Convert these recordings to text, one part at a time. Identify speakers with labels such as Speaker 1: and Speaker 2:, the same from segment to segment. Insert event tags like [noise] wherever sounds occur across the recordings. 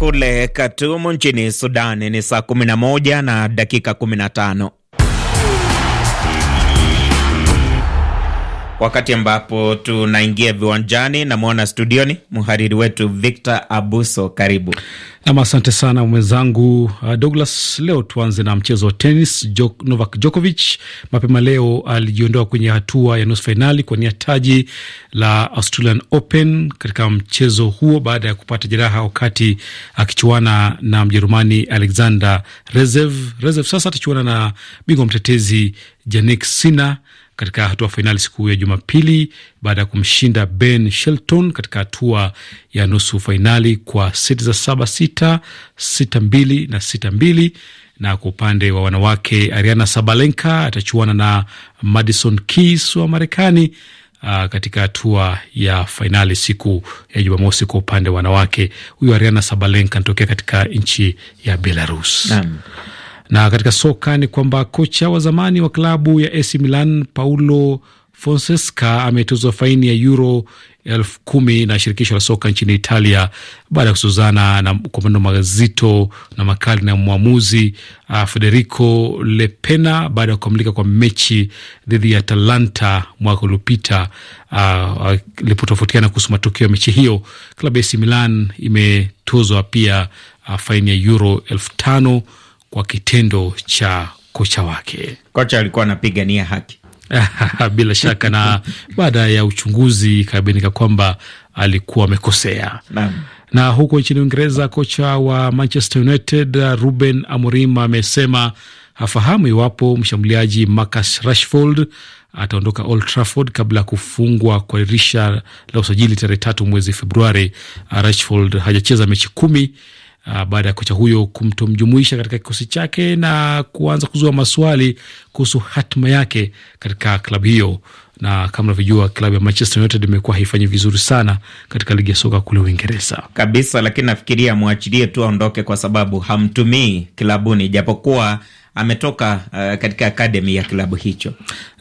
Speaker 1: kule Khartoum nchini Sudani. Ni saa 11 na dakika 15. Wakati ambapo tunaingia viwanjani, namwona studioni mhariri wetu Victor Abuso, karibu
Speaker 2: nam. Asante sana mwenzangu uh, Douglas. Leo tuanze na mchezo wa tenis. Jok, Novak Djokovic mapema leo alijiondoa kwenye hatua ya nusu fainali kwa nia taji la Australian Open katika mchezo huo baada ya kupata jeraha wakati akichuana na Mjerumani Alexander Rezev. Rezev sasa atachuana na bingwa mtetezi Janik sina katika hatua fainali siku ya Jumapili baada ya kumshinda Ben Shelton katika hatua ya nusu fainali kwa seti za saba sita sita mbili na sita mbili. Na kwa upande wa wanawake, Ariana Sabalenka atachuana na Madison Keys wa Marekani Uh, katika hatua ya fainali siku ya Jumamosi kwa upande wa wanawake, huyu Ariana Sabalenka anatokea katika nchi ya Belarus. Naam. Na katika soka ni kwamba kocha wa zamani wa klabu ya AC Milan Paulo Fonseca ametozwa faini ya euro elfu kumi na shirikisho la soka nchini Italia baada ya kusuzana na kwa maneno mazito na makali na mwamuzi uh, Federico Lepena baada ya kukamilika kwa mechi dhidi ya Atalanta mwaka uliopita. Uh, uh kuhusu matokeo ya mechi hiyo, klabu ya AC Milan imetozwa pia uh, faini ya euro elfu tano kwa kitendo cha kocha wake. Kocha alikuwa anapigania haki [laughs] bila shaka, na baada ya uchunguzi ikabainika kwamba alikuwa amekosea. Na huko nchini Uingereza, kocha wa Manchester United uh, Ruben Amorim amesema hafahamu iwapo mshambuliaji Marcus Rashford ataondoka Old Trafford kabla ya kufungwa kwa dirisha la usajili tarehe tatu mwezi Februari. Uh, Rashford hajacheza mechi kumi uh, baada ya kocha huyo kumtomjumuisha katika kikosi chake na kuanza kuzua maswali kuhusu hatima yake katika klabu hiyo. Na kama unavyojua klabu ya Manchester United imekuwa haifanyi vizuri sana katika ligi ya soka kule Uingereza
Speaker 1: kabisa, lakini nafikiria mwachilie tu aondoke, kwa sababu hamtumii klabuni, japokuwa ametoka uh, katika akademi ya klabu hicho.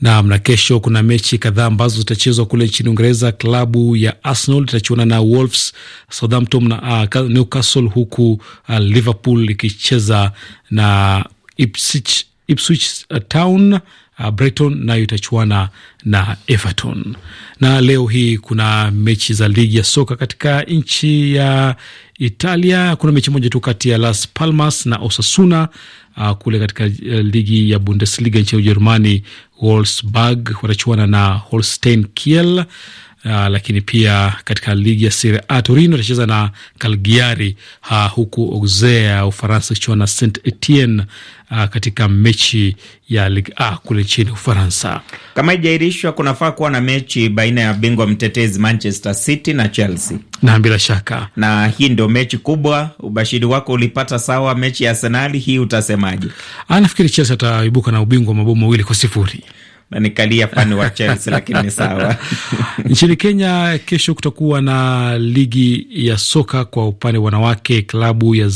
Speaker 2: Naam, na kesho kuna mechi kadhaa ambazo zitachezwa kule nchini Uingereza. Klabu ya Arsenal itachuana na Wolves, Southampton na uh, Newcastle, huku uh, Liverpool ikicheza na Ipswich, Ipswich eh, Town. Uh, Brighton nayo itachuana na Everton. Na leo hii kuna mechi za ligi ya soka katika nchi ya Italia. Kuna mechi moja tu kati ya Las Palmas na Osasuna uh, kule katika uh, ligi ya Bundesliga nchini Ujerumani, Wolfsburg watachuana na Holstein Kiel. Uh, lakini pia katika ligi ya Serie A Torino itacheza na Cagliari, uh, huku Auxerre Ufaransa ikichuana na Saint Etienne uh, ah, katika mechi ya Ligue A kule nchini Ufaransa.
Speaker 1: Kama ijairishwa, kunafaa kuwa na mechi baina ya bingwa mtetezi Manchester City na Chelsea,
Speaker 2: na bila shaka,
Speaker 1: na hii ndio mechi kubwa. Ubashiri wako ulipata sawa, mechi ya Arsenali hii utasemaje?
Speaker 2: Nafikiri Chelsea ataibuka na ubingwa mabomu mawili kwa sifuri
Speaker 1: na nikalia fani wa Chelsea lakini ni sawa.
Speaker 2: [laughs] Nchini Kenya kesho kutakuwa na ligi ya soka kwa upande wanawake, klabu ya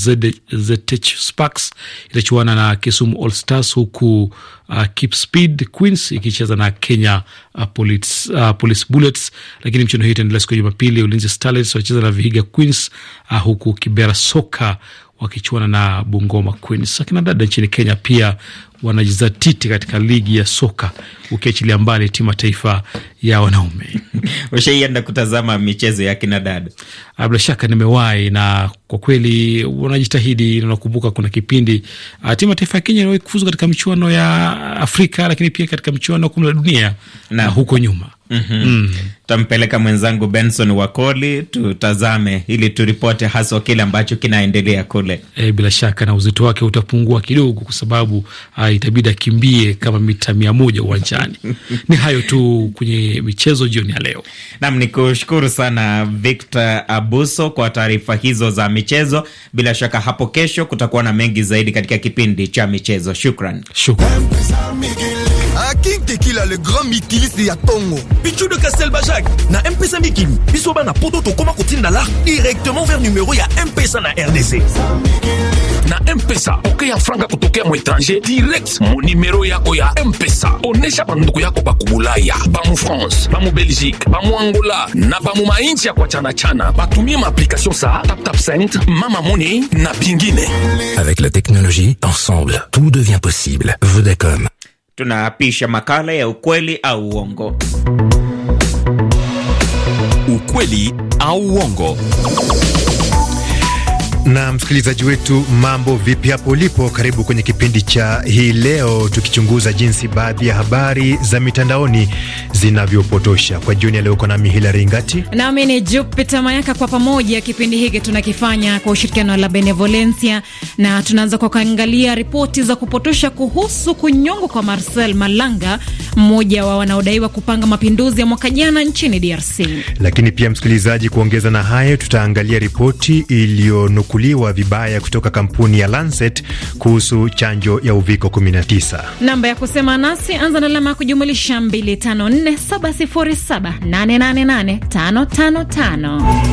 Speaker 2: Zetech Sparks itachuana na Kisumu All Stars huku uh, Keep Speed Queens ikicheza na Kenya uh, Police, uh, Police Bullets, lakini mchezo hii itaendelea siku ya Jumapili. Ulinzi Starlets wacheza na Vihiga Queens uh, huku Kibera Soka wakichuana na Bungoma Queens. Akina dada nchini Kenya pia wanajizatiti katika ligi ya soka ukiachilia mbali timu taifa ya wanaume.
Speaker 1: [laughs] Ushaienda kutazama michezo ya kina dada?
Speaker 2: Bila shaka nimewahi, na kwa kweli wanajitahidi. Nakumbuka kuna kipindi ah, timu taifa ya Kenya iliwahi kufuzu katika michuano ya Afrika, lakini pia katika michuano ya kombe la dunia ah, na huko nyuma
Speaker 1: Mm -hmm. Mm. Tampeleka mwenzangu Benson Wakoli tutazame, ili turipote haswa kile ambacho kinaendelea kule.
Speaker 2: E, bila shaka na uzito wake utapungua kidogo kwa sababu ah, itabidi akimbie kama mita mia moja uwanjani. [laughs] Ni hayo tu kwenye michezo jioni ya leo.
Speaker 1: Nam ni kushukuru sana Victor Abuso kwa taarifa hizo za michezo. Bila shaka hapo kesho kutakuwa na mengi zaidi katika kipindi cha michezo. Shukran,
Speaker 3: shukran. akintekila le grand mikilisi ya tongo pichudo castel bajak
Speaker 2: na mpesa mikili biso bana poto tokóma kotinda lar directement vers numero ya mpesa na RDC na mpesa okeya franga kutokea mwétranger direct mo nimero yako ya mpesa onesha banduku yako bakubulaya bamu france bamu belgique bamu angola na bamu mainchi ya kwachana-chana batumie maapplication sa taptapsend mama money na bingine
Speaker 3: avec la technologie ensemble tout devient possible vodacom
Speaker 1: tunaapisha makala ya ukweli au uongo
Speaker 3: ukweli au uongo Na msikilizaji wetu, mambo vipi hapo ulipo? Karibu kwenye kipindi cha hii leo, tukichunguza jinsi baadhi ya habari za mitandaoni zinavyopotosha. Kwa jioni ya leo uko nami Hilari Ngati
Speaker 4: nami ni Jupita Mayaka. Kwa pamoja kipindi hiki tunakifanya kwa ushirikiano la Benevolencia, na tunaanza kwa kuangalia ripoti za kupotosha kuhusu kunyongwa kwa Marcel Malanga, mmoja wa wanaodaiwa kupanga mapinduzi ya mwaka jana nchini DRC.
Speaker 3: Lakini pia msikilizaji, kuongeza na hayo, tutaangalia ripoti iliyo kuchukuliwa vibaya kutoka kampuni ya Lancet kuhusu chanjo ya uviko 19.
Speaker 4: Namba ya kusema nasi anza na alama ya kujumulisha 254707888555.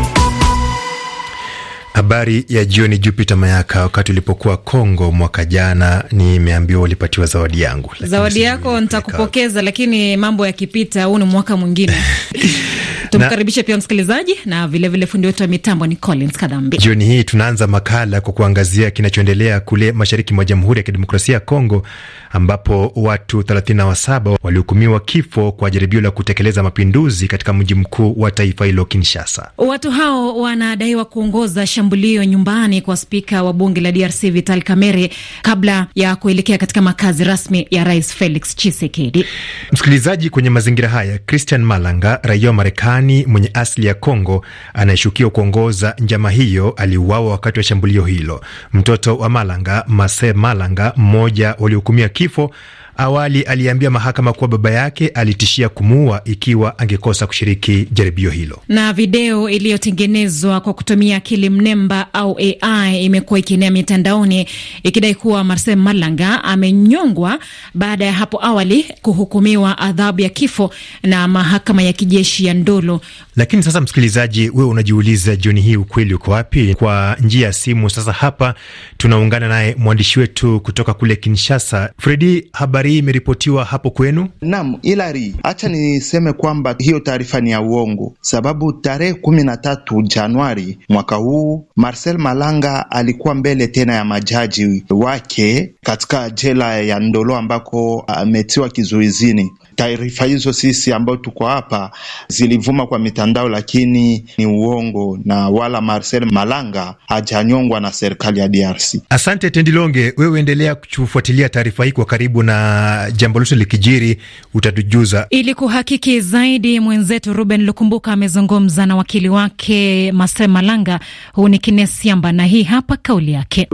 Speaker 3: Habari ya jioni, Jupiter Mayaka. Wakati ulipokuwa Kongo mwaka jana, nimeambiwa ulipatiwa zawadi yangu.
Speaker 4: Zawadi yako nitakupokeza, lakini mambo yakipita, huu ni mwaka mwingine [laughs] Tumkaribishe pia msikilizaji na vilevile fundi wetu wa mitambo ni Collins Kadhambi.
Speaker 3: Jioni hii tunaanza makala kwa kuangazia kinachoendelea kule mashariki mwa Jamhuri ya Kidemokrasia ya Kongo, ambapo watu 37 walihukumiwa kifo kwa jaribio la kutekeleza mapinduzi katika mji mkuu wa taifa hilo Kinshasa.
Speaker 4: Watu hao wanadaiwa kuongoza shambulio nyumbani kwa spika wa bunge la DRC Vital Kamerhe kabla ya kuelekea katika makazi rasmi ya rais Felix Tshisekedi.
Speaker 3: Msikilizaji, kwenye mazingira haya Christian Malanga, raia wa Marekani Marekani mwenye asili ya Kongo anayeshukiwa kuongoza njama hiyo aliuawa wakati wa shambulio hilo. Mtoto wa Malanga Mase Malanga, mmoja waliohukumia kifo Awali aliambia mahakama kuwa baba yake alitishia kumuua ikiwa angekosa kushiriki jaribio hilo.
Speaker 4: Na video iliyotengenezwa kwa kutumia akili mnemba au AI imekuwa ikienea mitandaoni ikidai kuwa Marcel Malanga amenyongwa baada ya hapo awali kuhukumiwa adhabu ya kifo na mahakama ya kijeshi ya Ndolo.
Speaker 3: Lakini sasa, msikilizaji, wewe unajiuliza jioni hii ukweli uko wapi? Kwa njia ya simu sasa hapa tunaungana naye mwandishi wetu kutoka kule Kinshasa, Fredi habari hii imeripotiwa hapo kwenu? Naam, Ilari, hacha niseme kwamba hiyo taarifa ni ya uongo, sababu tarehe kumi na tatu Januari mwaka huu Marcel Malanga alikuwa mbele tena ya majaji wake katika jela ya Ndolo ambako ametiwa kizuizini. Taarifa hizo sisi ambao tuko hapa zilivuma kwa mitandao, lakini ni uongo, na wala Marcel Malanga hajanyongwa na serikali ya DRC. Asante Tendilonge, wewe endelea kufuatilia taarifa hii kwa karibu, na jambo lote likijiri utatujuza.
Speaker 4: Ili kuhakiki zaidi, mwenzetu Ruben Lukumbuka amezungumza na wakili wake Marcel Malanga, huu ni Kines na hii hapa kauli yake.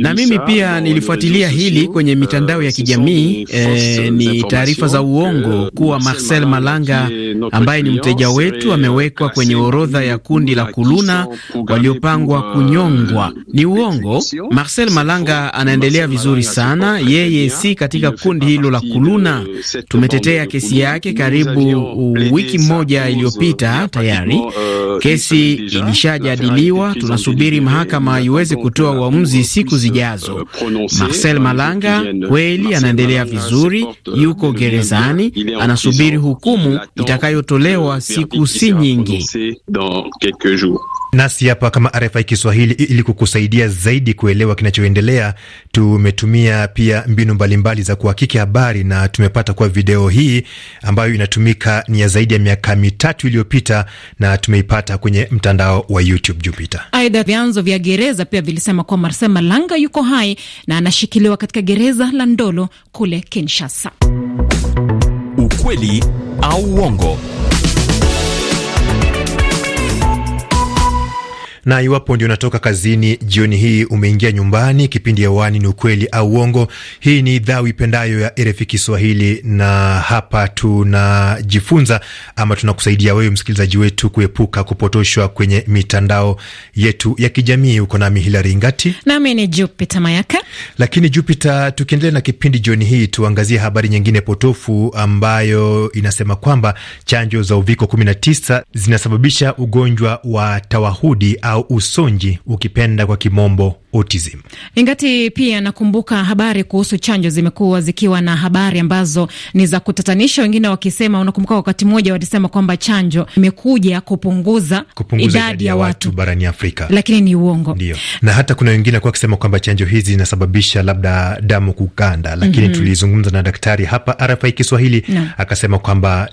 Speaker 2: na mimi pia nilifuatilia hili kwenye mitandao ya
Speaker 1: kijamii eh, ni taarifa za uongo kuwa Marcel Malanga ambaye ni mteja wetu amewekwa kwenye orodha ya kundi la kuluna waliopangwa kunyongwa. Ni uongo. Marcel Malanga anaendelea vizuri sana, yeye si katika kundi hilo la kuluna. Tumetetea kesi yake karibu wiki moja iliyopita tayari. Kesi ilishajadiliwa, tunasubiri mahakama iweze kutoa uamuzi siku zijazo. Marcel Malanga kweli anaendelea vizuri, yuko gerezani, anasubiri hukumu itakayotolewa
Speaker 3: siku si nyingi. Nasi hapa kama RFI Kiswahili, ili kukusaidia zaidi kuelewa kinachoendelea, tumetumia pia mbinu mbalimbali za kuhakiki habari, na tumepata kuwa video hii ambayo inatumika ni ya zaidi ya miaka mitatu iliyopita, na tumeipata kwenye mtandao wa YouTube Jupita.
Speaker 4: Aidha, vyanzo vya gereza pia vilisema kuwa marsel Malanga yuko hai na anashikiliwa katika gereza la Ndolo kule Kinshasa.
Speaker 3: Ukweli au uongo? Na iwapo ndio unatoka kazini jioni hii umeingia nyumbani, kipindi hewani ni ukweli au uongo. Hii ni idhaa uipendayo ya RFI Kiswahili, na hapa tunajifunza ama tunakusaidia wewe msikilizaji wetu kuepuka kupotoshwa kwenye mitandao yetu ya kijamii. Uko nami Hilari Ngati nami ni Jupita Mayaka. Lakini Jupita, tukiendelea na kipindi jioni hii, tuangazie habari nyingine potofu ambayo inasema kwamba chanjo za uviko 19 zinasababisha ugonjwa wa tawahudi au usonji ukipenda kwa kimombo autism.
Speaker 4: Ingati pia nakumbuka habari kuhusu chanjo zimekuwa zikiwa na habari ambazo ni za kutatanisha, wengine wakisema, unakumbuka wakati mmoja walisema kwamba chanjo imekuja kupunguza, kupunguza idadi ya watu,
Speaker 3: watu barani Afrika,
Speaker 4: lakini ni uongo.
Speaker 3: Ndio, na hata kuna wengine kuwa kusema kwamba chanjo hizi zinasababisha labda damu kuganda, lakini mm -hmm. tulizungumza na daktari hapa RFI Kiswahili no. akasema kwamba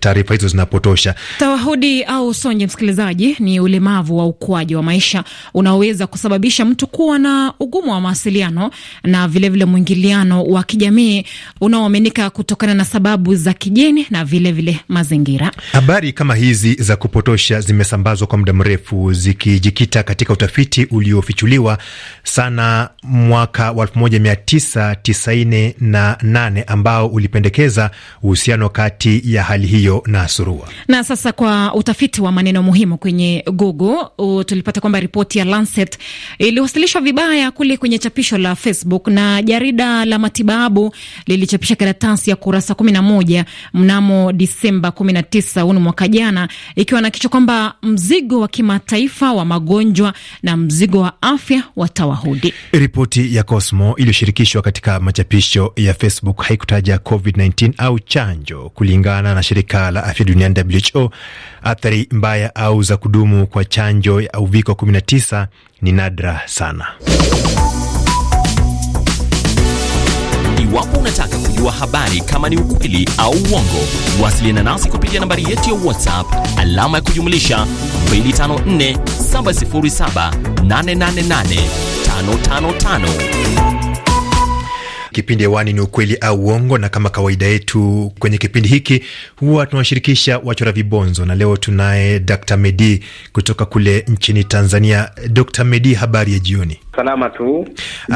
Speaker 3: taarifa hizo zinapotosha.
Speaker 4: Tawahudi au sonje, msikilizaji, ni ulemavu wa ukwaji ukosoaji wa maisha unaoweza kusababisha mtu kuwa na ugumu wa mawasiliano na vilevile mwingiliano wa kijamii unaoaminika kutokana na sababu za kijeni na vilevile vile mazingira.
Speaker 3: Habari kama hizi za kupotosha zimesambazwa kwa muda mrefu zikijikita katika utafiti uliofichuliwa sana mwaka wa 1998 ambao ulipendekeza uhusiano kati ya hali hiyo na surua.
Speaker 4: Na sasa kwa utafiti wa maneno muhimu kwenye Google tulipata kwamba ripoti ya Lancet iliwasilishwa vibaya kule kwenye chapisho la Facebook na jarida la matibabu lilichapisha karatasi ya kurasa 11 mnamo Disemba 19 na huu mwaka jana, ikiwa na kichwa kwamba mzigo wa kimataifa wa magonjwa na mzigo wa afya watawahudi.
Speaker 3: Ripoti ya Cosmo iliyoshirikishwa katika machapisho ya Facebook haikutaja COVID-19 au chanjo, kulingana na shirika la afya duniani WHO. Athari mbaya au za kudumu kwa chanjo ya uviko 19 ni nadra sana.
Speaker 2: Iwapo
Speaker 1: unataka kujua habari kama ni ukweli au uongo, wasiliana nasi kupitia nambari yetu ya WhatsApp alama ya kujumlisha 254 707 888
Speaker 3: 555. Kipindi hewani ni ukweli au uongo, na kama kawaida yetu kwenye kipindi hiki huwa tunawashirikisha wachora vibonzo, na leo tunaye Dr. Medi kutoka kule nchini Tanzania. Dr. Medi, habari ya jioni?
Speaker 2: Salama tu,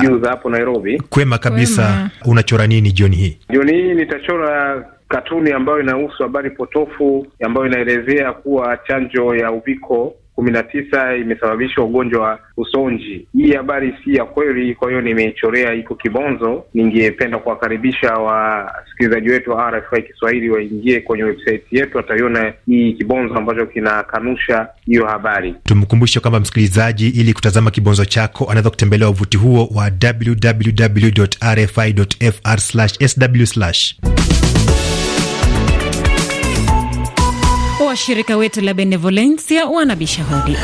Speaker 2: juu ah, za hapo Nairobi. Kwema kabisa. Kwema.
Speaker 3: Unachora nini
Speaker 2: jioni hii? Jioni hii nitachora katuni ambayo inahusu habari potofu ambayo inaelezea kuwa chanjo ya uviko kumi na tisa imesababisha ugonjwa wa usonji. Hii habari si ya kweli, kwa hiyo nimeichorea iko kibonzo. Ningependa kuwakaribisha wasikilizaji wetu wa RFI Kiswahili waingie kwenye website yetu, wataiona hii kibonzo ambacho kinakanusha hiyo habari.
Speaker 3: Tumkumbushe kwamba msikilizaji, ili kutazama kibonzo chako anaweza kutembelea wavuti huo wa www.rfi.fr/sw.
Speaker 4: washirika wetu la Benevolencia wanabisha hodi.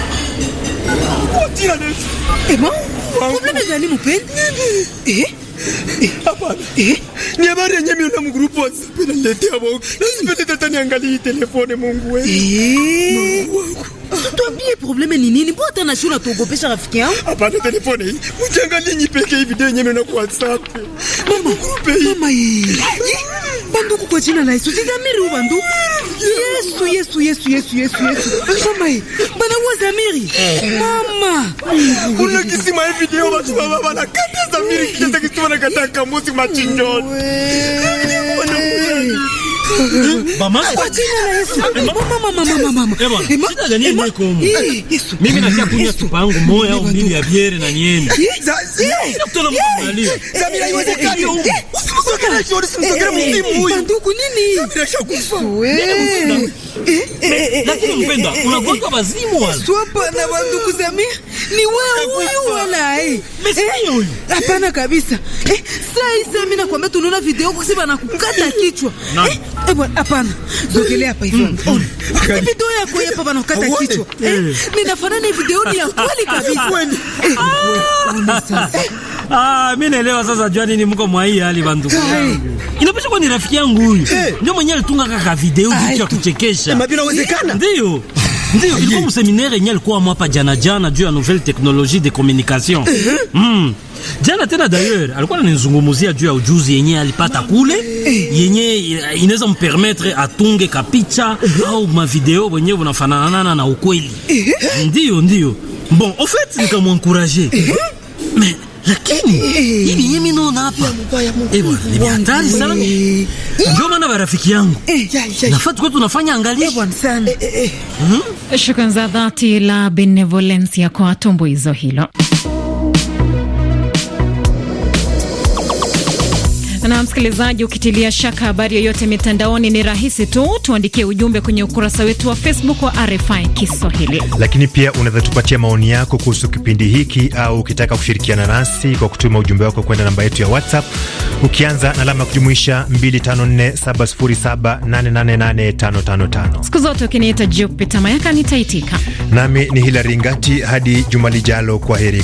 Speaker 3: Ni habari yenye miona mgrupu tata telefone Mungu wangu. Tuambie probleme ni nini? Mbona tena shura tuogopesha rafiki yangu? Hapana telefone hii. nyipeke hii video yenye miona kwa WhatsApp. Mama grupu hii. Mama hii. Banduku kwa jina la Yesu. Zidhamiri ubandu. Yesu, Yesu, Yesu, Yesu, Yesu, Yesu. Mama hii. Bana uwa zamiri. Mama. Kuna kisima hii video watu baba bana kata zamiri kisha kitu wanakata kamusi machinjoni. Wee. Eh, mama, kwa jina la Yesu. Eh, mama, mama, mama, mama. Shida eh, gani hiyo iko huko? Mimi natia kunywa chupa yangu moja au mbili ya biere na niende. Zamira, haiwezekani huko. Usimsogele jioni,
Speaker 4: usimsogele mzimu huyu.
Speaker 3: Ndugu nini? Zamira shakufa. Lakini mpenda, unagonga wazimu wala. Swapa
Speaker 4: na wandugu Zamira. Ni wewe huyu wala ai. Msikia huyu. Hapana kabisa. Eh, sasa mimi nakwambia tunaona video kusema nakukata kichwa. Eh, Hapana, zogelea hapa hivyo. Ona mm, mm. video yako hapa bana, ukata kichwa. Eh. Eh, ninafanana na video ya kweli kabisa.
Speaker 2: Eh. Ah, mimi ah, naelewa sasa, jua nini mko mwa hii hali bandugu. Ah, Inapisha kwa ni rafiki yangu huyu. Ndio mwenyewe alitunga kaka video ah, ya kuchekesha. Mbona inawezekana? Ndio. Ndio, ilikuwa mseminaire yenyewe alikuwa hapa jana jana juu ya nouvelle technologie de communication. Mm. Jana tena d'ailleurs alikuwa ananizungumzia juu ya ujuzi yenye alipata kule, yenye inaweza mpermettre atunge kapicha au mavideo wenyewe unafanana na ukweli. Ndio, ndio. Bon, au fait nikamwencourager.
Speaker 4: Mais lakini hivi mimi naona hapa eh, bwana ni hatari sana. Ndio maana marafiki yangu nafaa kwetu tunafanya angalia eh, bwana sana. Eh, eh, hmm? Shukrani za dhati la benevolence kwa tumbo hizo hilo Na msikilizaji, ukitilia shaka habari yoyote mitandaoni, ni rahisi tu tuandikie ujumbe kwenye ukurasa wetu wa Facebook wa RFI Kiswahili.
Speaker 3: Lakini pia unaweza tupatia maoni yako kuhusu kipindi hiki, au ukitaka kushirikiana nasi kwa kutuma ujumbe wako kwenda namba yetu ya WhatsApp ukianza na alama ya kujumuisha 254707888555.
Speaker 4: Siku zote ukiniita Jupita Mayaka nitaitika, nami ni Hilari Ngati. Hadi juma lijalo, kwa heri.